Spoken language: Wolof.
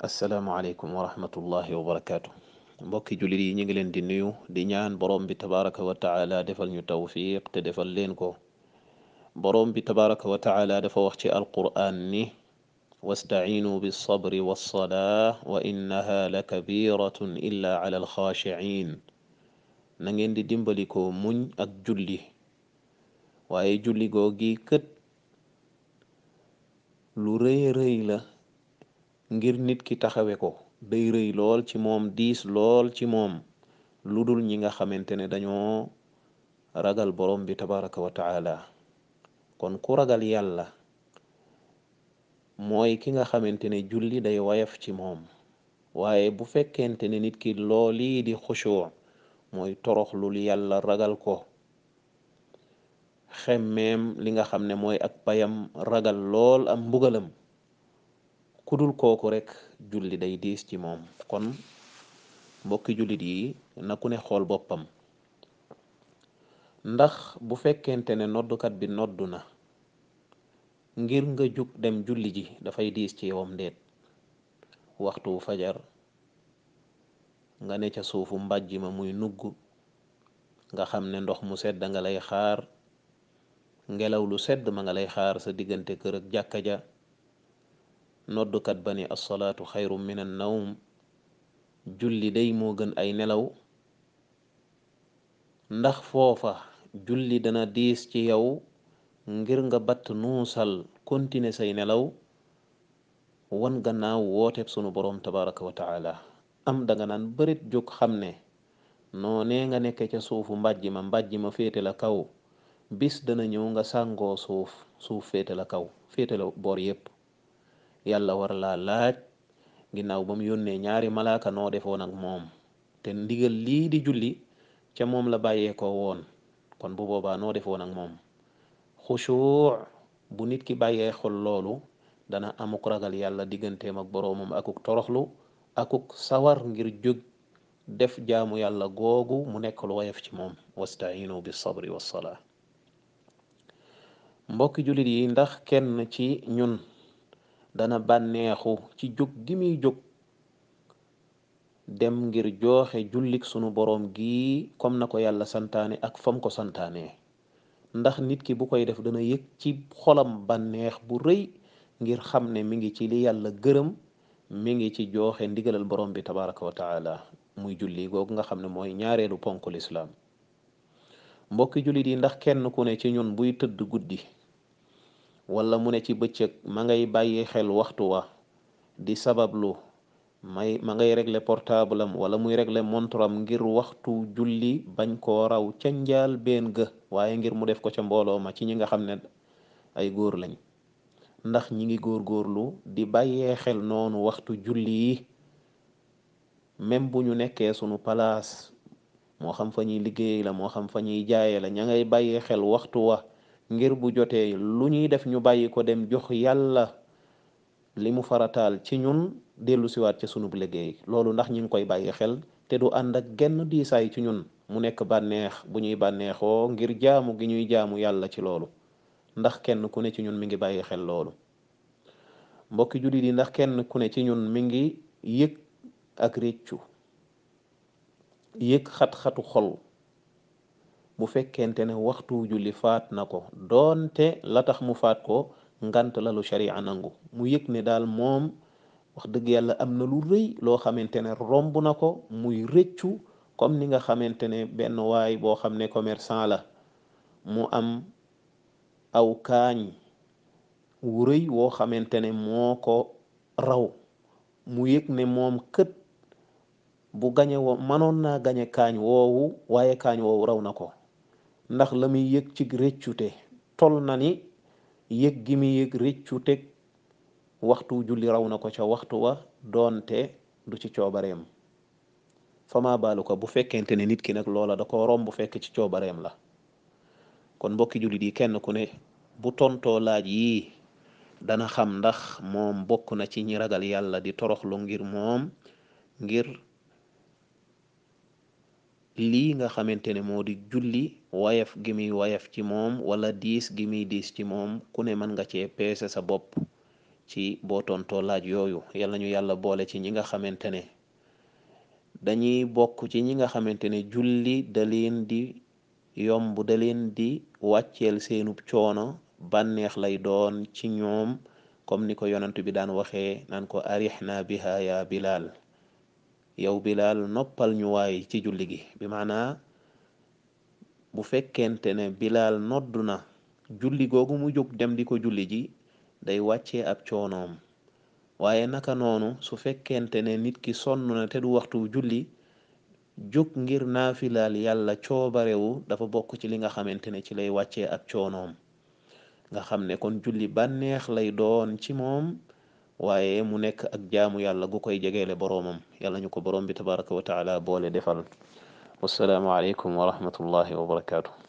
asalaamaaleykum wa rahmatullahi wa barakaatu mbokki jullit yi ñu ngi leen di nuyu di ñaan borom bi tabaraka wa taala defal ñu tawfiq te defal leen ko borom bi tabaraka wa taala dafa wax ci alqur'an ni wastaciinu bilsabri walsalaa wa innaha la kabiratun illa ala alxaashiciin na ngeen di dimbalikoo muñ ak julli waaye julli googi kët lu rëy rëy la ngir nit ki taxawe ko day rëy lool ci moom diis lool ci moom lu dul ñi nga xamante ne dañoo ragal borom bi tabaraka wa kon ku ragal yàlla mooy ki nga xamante ne julli day wayaf ci moom waaye bu fekkente ne nit ki loolii di xushuur mooy torox toroxlul yàlla ragal ko xemmeem li nga xam ne mooy ak payam ragal lool am mbugalam ku dul kooku rekk julli day diis ci moom kon mbokki jullit yi na ku ne xool boppam ndax bu fekkente ne noddukat bi noddu na ngir nga jug dem julli ji dafay diis ci yowam ndeet waxtu fajar nga ne ca suufu mbàjj ma muy nugg nga xam ne ndox mu sedd nga lay xaar ngelaw lu sedd ma nga lay xaar sa diggante kër ak jàkka ja noddukat ba ni assalaatu xayru min an nawm julli day moo gën ay nelaw ndax foofa julli dana diis ci yow ngir nga batt nuusal continuer say nelaw wan gannaaw wooteeb sunu boroom tabaraka wa am danga naan bërit jóg xam ne noonee nga nekke ca suufu mbàjj ma mbàjj ma féete kaw bis dana ñëw nga sàngoo suuf suuf féete la kaw féete boor yépp yàlla war laa laaj ginnaaw ba mu yónnee ñaari malaaka noo defoon ak moom te ndigal lii di julli ca moom la bàyyeekoo woon kon bu boobaa noo defoon ak moom xushuuc bu nit ki bàyyee xol loolu dana amuk ragal yàlla digganteem ak boroomam akuk toroxlu akuk sawar ngir jóg def jaamu yàlla googu mu nekk lu ci moom wastainu bi sabri wassalaa mbokki jullit yi ndax kenn ci ñun dana bànneexu ci jóg gi muy jóg dem ngir jooxe jullik sunu boroom gi comme na ko yàlla santaane ak fam ko santaane ndax nit ki bu koy def dana yëg ci xolam bànneex bu rëy ngir xam ne mi ngi ci li yàlla gërëm mi ngi ci jooxe ndigalal borom bi tabaraka wa muy julli googu nga xam ne mooy ñaareelu ponk lislaam mbokki jullit yi ndax kenn ku ne ci ñun buy tëdd guddi wala mu ne ci bëccëg ma ngay bàyyi xel waxtu wa di sabablu may ma ngay régler portable am wala muy régler montre am ngir waxtu julli bañ ko raw ca njaal been ga waaye ngir mu def ko ca mbooloo ma ci ñi nga ay góor lañ ndax ñi ngi góorgóorlu di bàyyee xel noonu waxtu julli yi même bu ñu nekkee sunu palaas moo xam fa ñuy liggéey la moo xam fa ñuy jaaye la ña ngay bàyyee xel waxtu wa ngir bu jotee lu ñuy def ñu bàyyi ko dem jox yàlla li mu farataal ci ñun dellu siwaat ci sunub liggéey loolu ndax ñu ngi koy bàyyi xel te du ànd ak genn diisaay ci ñun mu nekk bànneex bu ñuy bànneexoo ngir jaamu gi ñuy jaamu yàlla ci loolu ndax kenn ku ne ci ñun mi ngi bàyyi xel loolu mbokki jullit yi ndax kenn ku ne ci ñun mi ngi yëg ak réccu yëg xat-xatu xol bu fekkente ne waxtu julli faat na ko doonte la tax mu faat ko ngant lalu lu sharia nangu mu yëg ne daal moom wax dëgg yàlla am na lu rëy loo xamante ne romb na ko muy rëccu comme ni nga xamante ne benn waay boo xam ne commerçant la mu am aw kaañ wu woo xamante ne moo ko raw mu yëg ne moom kët bu gañe woon mënoon naa gañe kaañ woowu waaye kaañ woowu raw na ko ndax la muy yëg ci rëccute tol na ni yëg gi muy yëg rëccute waxtu julli raw na ko ca waxtu wa doonte du ci coobareem fama baalu ko bu fekkente ne nit ki nag loola da ko rom bu fekk ci coobareem la kon mbokki jullit yi kenn ku ne bu tontoo yi dana xam ndax moom bokk na ci ñi ragal yàlla di toroxlu ngir moom ngir lii nga xamante ne moo di julli wayaf gi muy wayaf ci moom wala diis gi muy diis ci moom ku ne mën nga cee peese sa bopp ci boo tontoo laaj yooyu yal nañu yàlla boole ci ñi nga xamante ne dañuy bokk ci ñi nga xamante ne julli da di yomb da leen di wàcceel seenub coono bànneex lay doon ci ñoom comme ni ko yonant bi daan waxee naan ko arix na biha ya bilal yow bilal noppal ñuwaay ci julli gi bi maana bu fekkente ne bilal noddu na julli googu mu jóg dem di ko julli ji day wàccee ab coonoom waaye naka noonu su fekkente ne nit ki sonn na te du waxtu julli jóg ngir naafilaal yàlla coobarewu dafa bokk ci li nga xamante ne ci lay wàccee ab coonoom nga xam ne kon julli bànneex lay doon ci moom waaye mu nekk ak jaamu yàlla gu koy jegeele boromam yàlla ñu ko boroom bi tabaraka wa taala boole defal wassalaamu aleykum wa rahmatullahi wa barakaatu